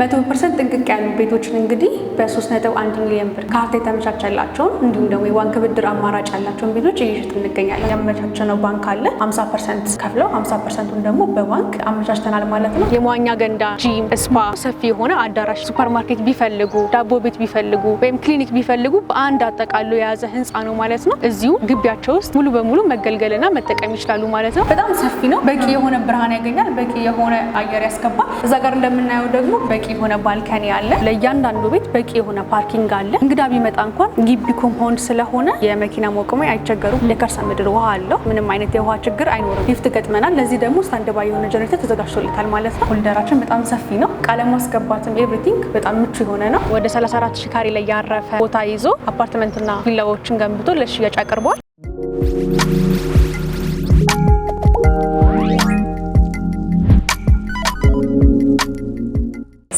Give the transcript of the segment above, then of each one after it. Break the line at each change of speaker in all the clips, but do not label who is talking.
መቶ ፐርሰንት ጥንቅቅ ያሉ ቤቶችን እንግዲህ በሶስት ነጥብ አንድ ሚሊዮን ብር ካርታ የተመቻቸላቸውን እንዲሁም ደግሞ የባንክ ብድር አማራጭ ያላቸውን ቤቶች እየሸጥ እንገኛለን። ያመቻቸነው ባንክ አለ። ሀምሳ ፐርሰንት ከፍለው ሀምሳ ፐርሰንቱን ደግሞ በባንክ አመቻችተናል ማለት ነው። የመዋኛ ገንዳ፣ ጂም፣ ስፓ፣ ሰፊ የሆነ አዳራሽ፣ ሱፐርማርኬት ቢፈልጉ፣ ዳቦ ቤት ቢፈልጉ ወይም ክሊኒክ ቢፈልጉ በአንድ አጠቃሎ የያዘ ህንፃ ነው ማለት ነው። እዚሁ ግቢያቸው ውስጥ ሙሉ በሙሉ መገልገልና መጠቀም ይችላሉ ማለት ነው። በጣም ሰፊ ነው። በቂ የሆነ ብርሃን ያገኛል። በቂ የሆነ አየር ያስገባል። እዛ ጋር እንደምናየው ደግሞ በቂ የሆነ ባልከኒ አለ። ለእያንዳንዱ ቤት በቂ የሆነ ፓርኪንግ አለ። እንግዳ ቢመጣ እንኳን ግቢ ኮምፓውንድ ስለሆነ የመኪና መቆሚያ አይቸገሩም። ለከርሰ ምድር ውሃ አለው። ምንም አይነት የውሃ ችግር አይኖርም። ሊፍት ገጥመናል። ለዚህ ደግሞ ስታንድባይ የሆነ ጀነሬተር ተዘጋጅቶለታል ማለት ነው። ኮሊደራችን በጣም ሰፊ ነው። ቀለም ማስገባትም ኤቭሪቲንግ በጣም ምቹ የሆነ ነው። ወደ 34 ሺህ ካሬ ላይ ያረፈ ቦታ ይዞ አፓርትመንትና ቪላዎችን ገንብቶ ለሽያጭ አቅርቧል።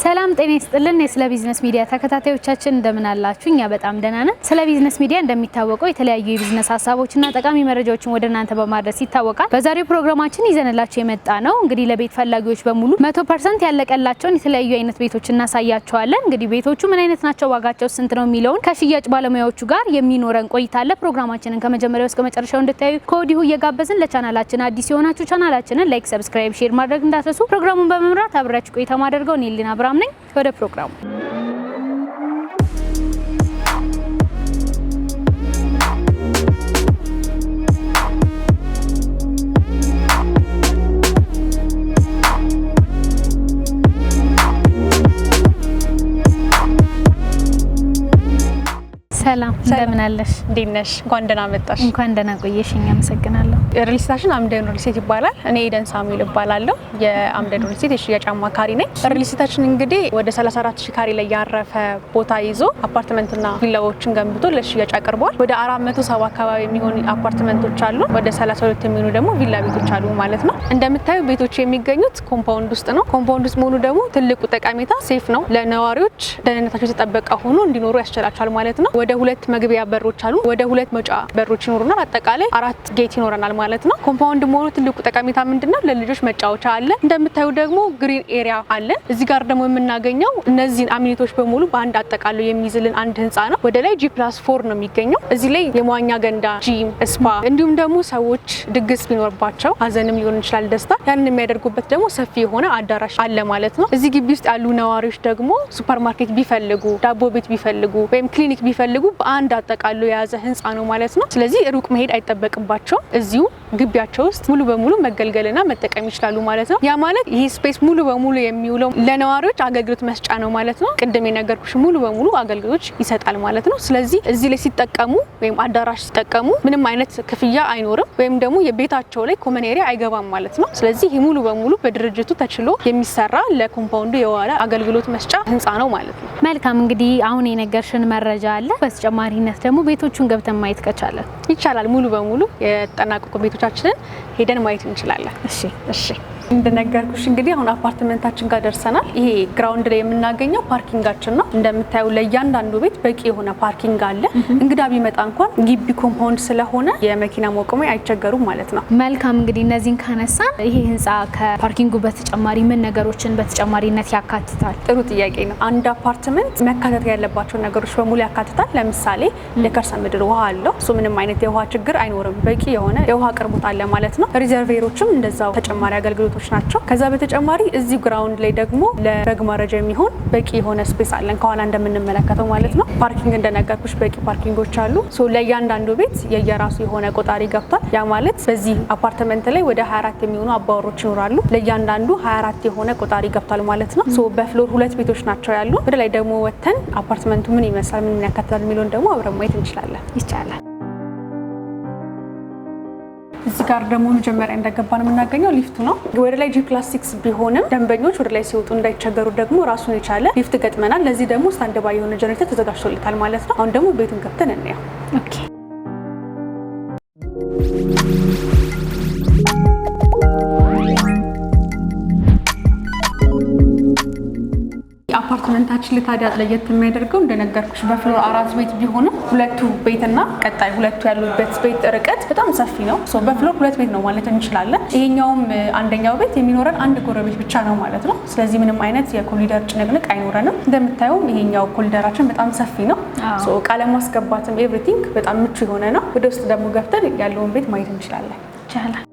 ሰላም ጤና ይስጥልን። ስለ ቢዝነስ ሚዲያ ተከታታዮቻችን እንደምን አላችሁ? እኛ በጣም ደህና ነን። ስለ ቢዝነስ ሚዲያ እንደሚታወቀው የተለያዩ የቢዝነስ ሀሳቦችና ጠቃሚ መረጃዎችን ወደ እናንተ በማድረስ ይታወቃል። በዛሬው ፕሮግራማችን ይዘንላቸው የመጣ ነው እንግዲህ ለቤት ፈላጊዎች በሙሉ መቶ ፐርሰንት ያለቀላቸውን የተለያዩ አይነት ቤቶች እናሳያቸዋለን። እንግዲህ ቤቶቹ ምን አይነት ናቸው፣ ዋጋቸው ስንት ነው የሚለውን ከሽያጭ ባለሙያዎቹ ጋር የሚኖረን ቆይታ አለ ፕሮግራማችንን ከመጀመሪያው እስከ መጨረሻው እንድታዩ ከወዲሁ እየጋበዝን ለቻናላችን አዲስ የሆናችሁ ቻናላችንን ላይክ፣ ሰብስክራይብ፣ ሼር ማድረግ እንዳትረሱ። ፕሮግራሙን በመምራት አብራችሁ ቆይታ ማደርገው ኔልን ብራ ሰላም ነኝ። ወደ ፕሮግራሙ
ሰላም እንደምን አለሽ?
እንዴት ነሽ? እንኳን ደህና መጣሽ።
እንኳን ደህና ቆየሽኝ። አመሰግናለሁ።
ሪልስታሽን አምደን ሪልስቴት ይባላል። እኔ ኤደን ሳሙኤል እባላለሁ። የአምደን ሪልስቴት የሽያጭ አማካሪ ነኝ። ሪልስታችን እንግዲህ ወደ 34 ሺህ ካሬ ላይ ያረፈ ቦታ ይዞ አፓርትመንትና ቪላዎችን ገንብቶ ለሽያጭ አቅርቧል። ወደ 470 አካባቢ የሚሆኑ አፓርትመንቶች አሉ። ወደ 32 የሚሆኑ ደግሞ ቪላ ቤቶች አሉ ማለት ነው። እንደምታዩ ቤቶች የሚገኙት ኮምፓውንድ ውስጥ ነው። ኮምፓውንድ ውስጥ መሆኑ ደግሞ ትልቁ ጠቀሜታ ሴፍ ነው። ለነዋሪዎች ደህንነታቸው የተጠበቀ ሆኖ እንዲኖሩ ያስችላቸዋል ማለት ነው። ወደ ሁለት መግቢያ በሮች አሉ። ወደ ሁለት መጫ በሮች ይኖሩናል። አጠቃላይ አራት ጌት ይኖረናል ማለት ነው። ኮምፓውንድ መሆኑ ትልቁ ጠቀሜታ ምንድነው? ለልጆች መጫወቻ አለ። እንደምታዩ ደግሞ ግሪን ኤሪያ አለን። እዚህ ጋር ደግሞ የምናገኘው እነዚህን አሚኒቶች በሙሉ በአንድ አጠቃሎ የሚይዝልን አንድ ህንፃ ነው። ወደ ላይ ጂ ፕላስ ፎር ነው የሚገኘው። እዚህ ላይ የመዋኛ ገንዳ፣ ጂም፣ ስፓ እንዲሁም ደግሞ ሰዎች ድግስ ቢኖርባቸው ሀዘንም ሊሆን ይችላል ደስታ፣ ያንን የሚያደርጉበት ደግሞ ሰፊ የሆነ አዳራሽ አለ ማለት ነው። እዚህ ግቢ ውስጥ ያሉ ነዋሪዎች ደግሞ ሱፐርማርኬት ቢፈልጉ፣ ዳቦ ቤት ቢፈልጉ ወይም ክሊኒክ ቢፈልጉ በአንድ አጠቃሎ የያዘ ህንፃ ነው ማለት ነው። ስለዚህ ሩቅ መሄድ አይጠበቅባቸውም። እዚሁ ግቢያቸው ውስጥ ሙሉ በሙሉ መገልገልና መጠቀም ይችላሉ ማለት ነው። ያ ማለት ይህ ስፔስ ሙሉ በሙሉ የሚውለው ለነዋሪዎች አገልግሎት መስጫ ነው ማለት ነው። ቅድም የነገርኩሽ ሙሉ በሙሉ አገልግሎት ይሰጣል ማለት ነው። ስለዚህ እዚህ ላይ ሲጠቀሙ ወይም አዳራሽ ሲጠቀሙ ምንም አይነት ክፍያ አይኖርም ወይም ደግሞ የቤታቸው ላይ ኮመን ኤሪያ አይገባም ማለት ነው። ስለዚህ ይህ ሙሉ በሙሉ በድርጅቱ ተችሎ የሚሰራ ለኮምፓውንዱ የዋለ አገልግሎት መስጫ ህንፃ ነው ማለት ነው።
መልካም እንግዲህ አሁን የነገርሽን መረጃ አለ። በተጨማሪነት ደግሞ ቤቶቹን ገብተን ማየት ከቻለን
ይቻላል። ሙሉ በሙሉ የተጠናቀቁ ቤቶቻችንን ሄደን ማየት እንችላለን። እሺ፣ እሺ። እንደነገርኩሽ እንግዲህ አሁን አፓርትመንታችን ጋር ደርሰናል። ይሄ ግራውንድ ላይ የምናገኘው ፓርኪንጋችን ነው። እንደምታየው ለእያንዳንዱ ቤት በቂ የሆነ ፓርኪንግ አለ። እንግዳ ቢመጣ እንኳን ግቢ ኮምፓውንድ ስለሆነ የመኪና መቆሚያ አይቸገሩም ማለት ነው።
መልካም እንግዲህ እነዚህን ካነሳን ይሄ ህንፃ ከፓርኪንጉ በተጨማሪ ምን ነገሮችን በተጨማሪነት ያካትታል?
ጥሩ ጥያቄ ነው። አንድ አፓርትመንት መካተት ያለባቸው ነገሮች በሙሉ ያካትታል። ለምሳሌ የከርሰ ምድር ውሃ አለው። እሱ ምንም አይነት የውሃ ችግር አይኖርም። በቂ የሆነ የውሃ አቅርቦት አለ ማለት ነው። ሪዘርቬሮችም እንደዛው ተጨማሪ አገልግሎት ግብአቶች ናቸው። ከዛ በተጨማሪ እዚህ ግራውንድ ላይ ደግሞ ለበግ ማረጃ የሚሆን በቂ የሆነ ስፔስ አለን፣ ከኋላ እንደምንመለከተው ማለት ነው። ፓርኪንግ እንደነገርኩሽ በቂ ፓርኪንጎች አሉ። ለእያንዳንዱ ቤት የየራሱ የሆነ ቆጣሪ ገብቷል። ያ ማለት በዚህ አፓርትመንት ላይ ወደ 24 የሚሆኑ አባወሮች ይኖራሉ። ለእያንዳንዱ 24 የሆነ ቆጣሪ ገብቷል ማለት ነው። በፍሎር ሁለት ቤቶች ናቸው ያሉ። ወደ ላይ ደግሞ ወተን አፓርትመንቱ ምን ይመስላል፣ ምን ያካትታል የሚለውን ደግሞ አብረን ማየት እንችላለን። ይቻላል። እዚህ ጋር ደግሞ መጀመሪያ እንደገባን የምናገኘው ሊፍቱ ነው። ወደ ላይ ጂፕላስቲክስ ቢሆንም ደንበኞች ወደ ላይ ሲወጡ እንዳይቸገሩ ደግሞ ራሱን የቻለ ሊፍት ገጥመናል። ለዚህ ደግሞ ስታንድ ባይ የሆነ ጀነሬተር ተዘጋጅቶለታል ማለት ነው። አሁን ደግሞ ቤቱን ገብተን እናየው። ኦኬ ቤታችን ለታዲያ ለየት የሚያደርገው እንደነገርኩሽ በፍሎር አራት ቤት ቢሆንም ሁለቱ ቤትና ቀጣይ ሁለቱ ያሉበት ቤት ርቀት በጣም ሰፊ ነው። በፍሎር ሁለት ቤት ነው ማለት እንችላለን። ይሄኛውም አንደኛው ቤት የሚኖረን አንድ ጎረቤት ብቻ ነው ማለት ነው። ስለዚህ ምንም አይነት የኮሊደር ጭንቅንቅ አይኖረንም። እንደምታየውም ይሄኛው ኮሊደራችን በጣም ሰፊ ነው። እቃ ለማስገባትም ኤቭሪቲንግ በጣም ምቹ የሆነ ነው። ወደ ውስጥ ደግሞ ገብተን ያለውን ቤት ማየት እንችላለን።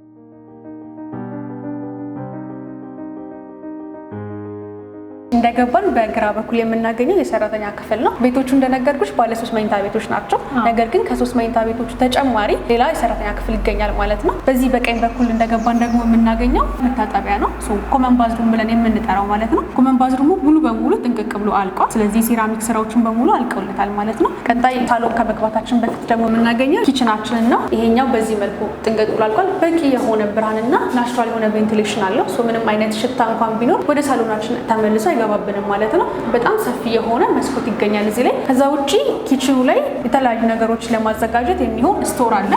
እንደገባን በግራ በኩል የምናገኘው የሰራተኛ ክፍል ነው። ቤቶቹ እንደነገርኩሽ ባለሶስት መኝታ ቤቶች ናቸው። ነገር ግን ከሶስት መኝታ ቤቶቹ ተጨማሪ ሌላ የሰራተኛ ክፍል ይገኛል ማለት ነው። በዚህ በቀኝ በኩል እንደገባን ደግሞ የምናገኘው መታጠቢያ ነው። ኮመን ባዝሩም ብለን የምንጠራው ማለት ነው። ኮመን ባዝሩሙ ሙሉ በሙሉ ጥንቅቅ ብሎ አልቋል። ስለዚህ ሴራሚክ ስራዎችን በሙሉ አልቀውለታል ማለት ነው። ቀጣይ ሳሎን ከመግባታችን በፊት ደግሞ የምናገኘው ኪችናችንን ነው። ይሄኛው በዚህ መልኩ ጥንቅቅ ብሎ አልቋል። በቂ የሆነ ብርሃንና ናቹራል የሆነ ቬንቲሌሽን አለው። ምንም አይነት ሽታ እንኳን ቢኖር ወደ ሳሎናችን ተመልሶ አይገባብንም ማለት ነው። በጣም ሰፊ የሆነ መስኮት ይገኛል እዚህ ላይ። ከዛ ውጭ ኪችኑ ላይ የተለያዩ ነገሮች ለማዘጋጀት የሚሆን ስቶር አለ።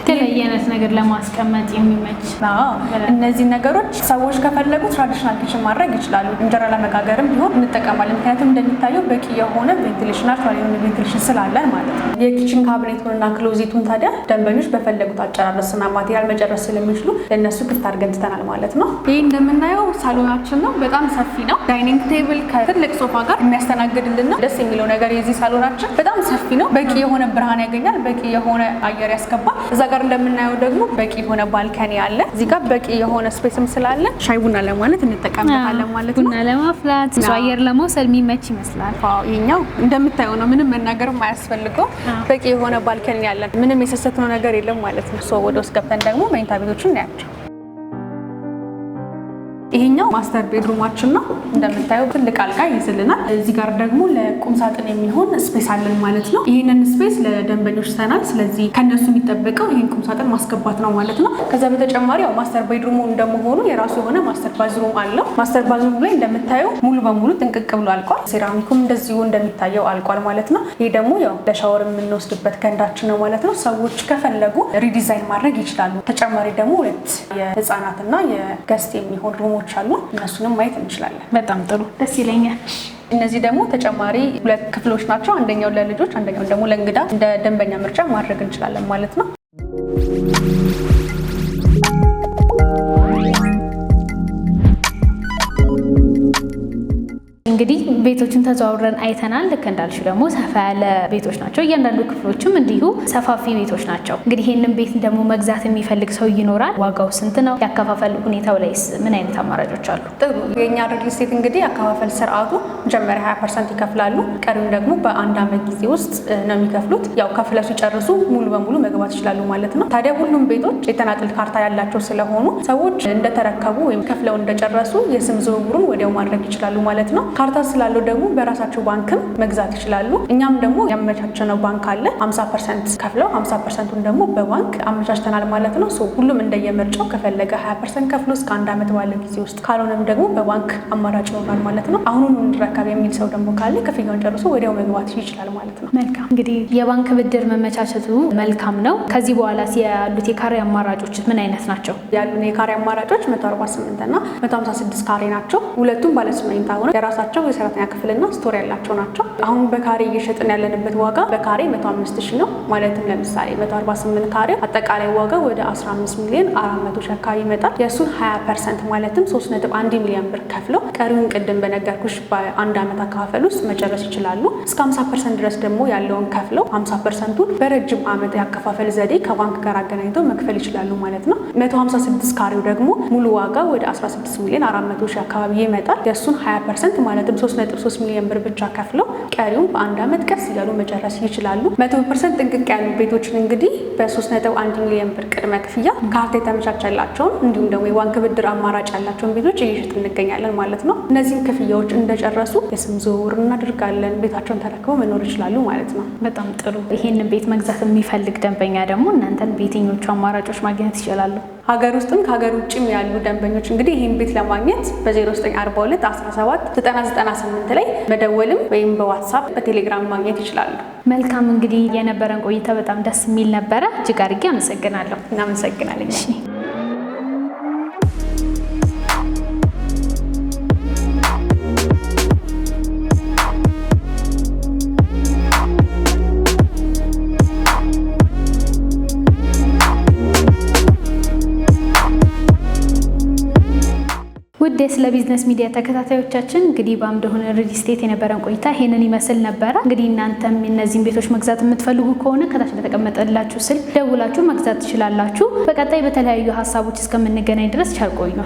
የተለየ አይነት ነገር ለማስቀመጥ የሚመች
እነዚህ ነገሮች ሰዎች ከፈለጉ ትራዲሽናል ኪችን ማድረግ ይችላሉ። እንጀራ ለመጋገርም ቢሆን እንጠቀማለን። ምክንያቱም እንደሚታየው በቂ የሆነ ቬንቲሌሽን አርቲፊሻል የሆነ ቬንቲሌሽን ስላለን ማለት ነው። የኪችን እና ክሎዚቱን ታዲያ ደንበኞች በፈለጉት አጨራረስና ማቴሪያል መጨረስ ስለሚችሉ ለእነሱ ክፍት አድርገን ትተናል ማለት ነው። ይህ እንደምናየው ሳሎናችን ነው። በጣም ሰፊ ነው። ዳይኒንግ ቴብል ከትልቅ ሶፋ ጋር የሚያስተናግድልን ነው። ደስ የሚለው ነገር የዚህ ሳሎናችን በጣም ሰፊ ነው። በቂ የሆነ ብርሃን ያገኛል። በቂ የሆነ አየር ያስገባል። እዛ ጋር እንደምናየው ደግሞ በቂ የሆነ ባልከኒ አለ። እዚህ ጋር በቂ የሆነ ስፔስም ስላለ ሻይ ቡና ለማለት እንጠቀምበታለን ማለት
ነው። ቡና ለማፍላት ብዙ አየር ለመውሰድ የሚመች ይመስላል።
ይኛው እንደምታየው ነው። ምንም መናገር አያስፈልገው። በቂ የሆነ ባልከኒ አለን። ምንም የሰሰትነው ነገር የለም ማለት ነው። ወደ ውስጥ ገብተን ደግሞ መኝታ ቤቶቹ እናያቸው። ይሄኛው ማስተር ቤድሩማችን ነው። እንደምታየው ትልቅ አልጋ ይይዝልናል። እዚህ ጋር ደግሞ ለቁም ሳጥን የሚሆን ስፔስ አለን ማለት ነው። ይህንን ስፔስ ለደንበኞች ሰናል። ስለዚህ ከነሱ የሚጠበቀው ይህን ቁም ሳጥን ማስገባት ነው ማለት ነው። ከዛ በተጨማሪ ያው ማስተር ቤድሩሙ እንደመሆኑ የራሱ የሆነ ማስተር ባዝሩም አለው። ማስተር ባዝሩም ላይ እንደምታየው ሙሉ በሙሉ ጥንቅቅ ብሎ አልቋል። ሴራሚኩም እንደዚሁ እንደሚታየው አልቋል ማለት ነው። ይሄ ደግሞ ያው ለሻወር የምንወስድበት ገንዳችን ነው ማለት ነው። ሰዎች ከፈለጉ ሪዲዛይን ማድረግ ይችላሉ። ተጨማሪ ደግሞ ሁለት የህፃናትና የገስት የሚሆን ሩሞ ምግቦች አሉ። እነሱንም ማየት እንችላለን። በጣም ጥሩ ደስ ይለኛል። እነዚህ ደግሞ ተጨማሪ ሁለት ክፍሎች ናቸው። አንደኛው ለልጆች፣ አንደኛው ደግሞ ለእንግዳ እንደ ደንበኛ ምርጫ ማድረግ እንችላለን ማለት ነው። እንግዲህ ቤቶችን ተዘዋውረን አይተናል። ልክ እንዳልሽው ደግሞ ሰፋ ያለ ቤቶች ናቸው። እያንዳንዱ ክፍሎችም እንዲሁ ሰፋፊ ቤቶች ናቸው። እንግዲህ ይህንን ቤት ደግሞ መግዛት የሚፈልግ ሰው ይኖራል። ዋጋው ስንት ነው? ያከፋፈል ሁኔታው ላይስ ምን አይነት አማራጮች አሉ? ጥሩ የእኛ ሪል ስቴት እንግዲህ ያከፋፈል ስርዓቱ መጀመሪያ 20 ፐርሰንት ይከፍላሉ። ቀሪውን ደግሞ በአንድ ዓመት ጊዜ ውስጥ ነው የሚከፍሉት። ያው ከፍለው ሲጨርሱ ሙሉ በሙሉ መግባት ይችላሉ ማለት ነው። ታዲያ ሁሉም ቤቶች የተናጥል ካርታ ያላቸው ስለሆኑ ሰዎች እንደተረከቡ ወይም ከፍለው እንደጨረሱ የስም ዝውውሩን ወዲያው ማድረግ ይችላሉ ማለት ነው ካርታ ካፒታል ስላለው ደግሞ በራሳቸው ባንክም መግዛት ይችላሉ። እኛም ደግሞ ያመቻቸነው ባንክ አለ። 50 ፐርሰንት ከፍለው 50 ፐርሰንቱን ደግሞ በባንክ አመቻችተናል ማለት ነው። ሁሉም እንደየምርጫው ከፈለገ 20 ፐርሰንት ከፍሎ እስከ አንድ ዓመት ባለ ጊዜ ውስጥ ካልሆነም ደግሞ በባንክ አማራጭ ይሆናል ማለት ነው። አሁኑን እንድረከብ የሚል ሰው ደግሞ ካለ ክፍያውን ጨርሶ ወዲያው መግባት ይችላል ማለት
ነው። መልካም እንግዲህ የባንክ ብድር መመቻቸቱ መልካም ነው። ከዚህ በኋላ ያሉት የካሬ አማራጮች ምን አይነት ናቸው?
ያሉን የካሬ አማራጮች 148 እና 156 ካሬ ናቸው። ሁለቱም ባለስመኝታ ሆነ የራሳቸው የሰራተኛ ክፍልና ስቶር ያላቸው ናቸው። አሁን በካሬ እየሸጥን ያለንበት ዋጋ በካሬ 105 ሺ ነው። ማለትም ለምሳሌ 148 ካሬ አጠቃላይ ዋጋ ወደ 15 ሚሊዮን 400 ሺ አካባቢ ይመጣል። የእሱን 20 ፐርሰንት ማለትም 3.1 ሚሊዮን ብር ከፍለው ቀሪውን ቅድም በነገርኩሽ በአንድ ዓመት አካፈል ውስጥ መጨረስ ይችላሉ። እስከ 50 ፐርሰንት ድረስ ደግሞ ያለውን ከፍለው 50 ፐርሰንቱን በረጅም ዓመት ያከፋፈል ዘዴ ከባንክ ጋር አገናኝተው መክፈል ይችላሉ ማለት ነው። 156 ካሬው ደግሞ ሙሉ ዋጋ ወደ 16 ሚሊዮን 400 ሺ አካባቢ ይመጣል። የእሱን 20 ፐርሰንት ማለትም 3.3 ሚሊዮን ብር ብቻ ከፍለው ቀሪውን በአንድ ዓመት ቀስ እያሉ መጨረስ ይችላሉ። መቶ ፐርሰንት ጥንቅቅ ያሉ ቤቶችን እንግዲህ በ3.1 ሚሊዮን ብር ቅድመ ክፍያ ካርታ የተመቻቸላቸውን እንዲሁም ደግሞ የባንክ ብድር አማራጭ ያላቸውን ቤቶች እየሸጥ እንገኛለን ማለት ነው። እነዚህም ክፍያዎች እንደጨረሱ የስም ዝውውር እናደርጋለን። ቤታቸውን ተረክበው መኖር ይችላሉ ማለት ነው።
በጣም ጥሩ። ይሄንን ቤት መግዛት የሚፈልግ ደንበኛ ደግሞ እናንተን በየትኞቹ አማራጮች ማግኘት ይችላሉ?
ሀገር ውስጥም ከሀገር ውጭም ያሉ ደንበኞች እንግዲህ ይህን ቤት ለማግኘት በ0942 17 ላይ መደወልም ወይም በዋትሳፕ በቴሌግራም ማግኘት ይችላሉ።
መልካም እንግዲህ የነበረን ቆይታ በጣም ደስ የሚል ነበረ። እጅግ አድርጌ አመሰግናለሁ።
እናመሰግናለን። ስለ ቢዝነስ ሚዲያ ተከታታዮቻችን እንግዲህ በአምደሆነ ሪል ስቴት የነበረን ቆይታ ይሄንን ይመስል ነበረ። እንግዲህ እናንተም እነዚህን ቤቶች መግዛት የምትፈልጉ ከሆነ ከታች በተቀመጠላችሁ ስልክ ደውላችሁ መግዛት ትችላላችሁ። በቀጣይ በተለያዩ ሀሳቦች እስከምንገናኝ ድረስ ቸር ቆዩ።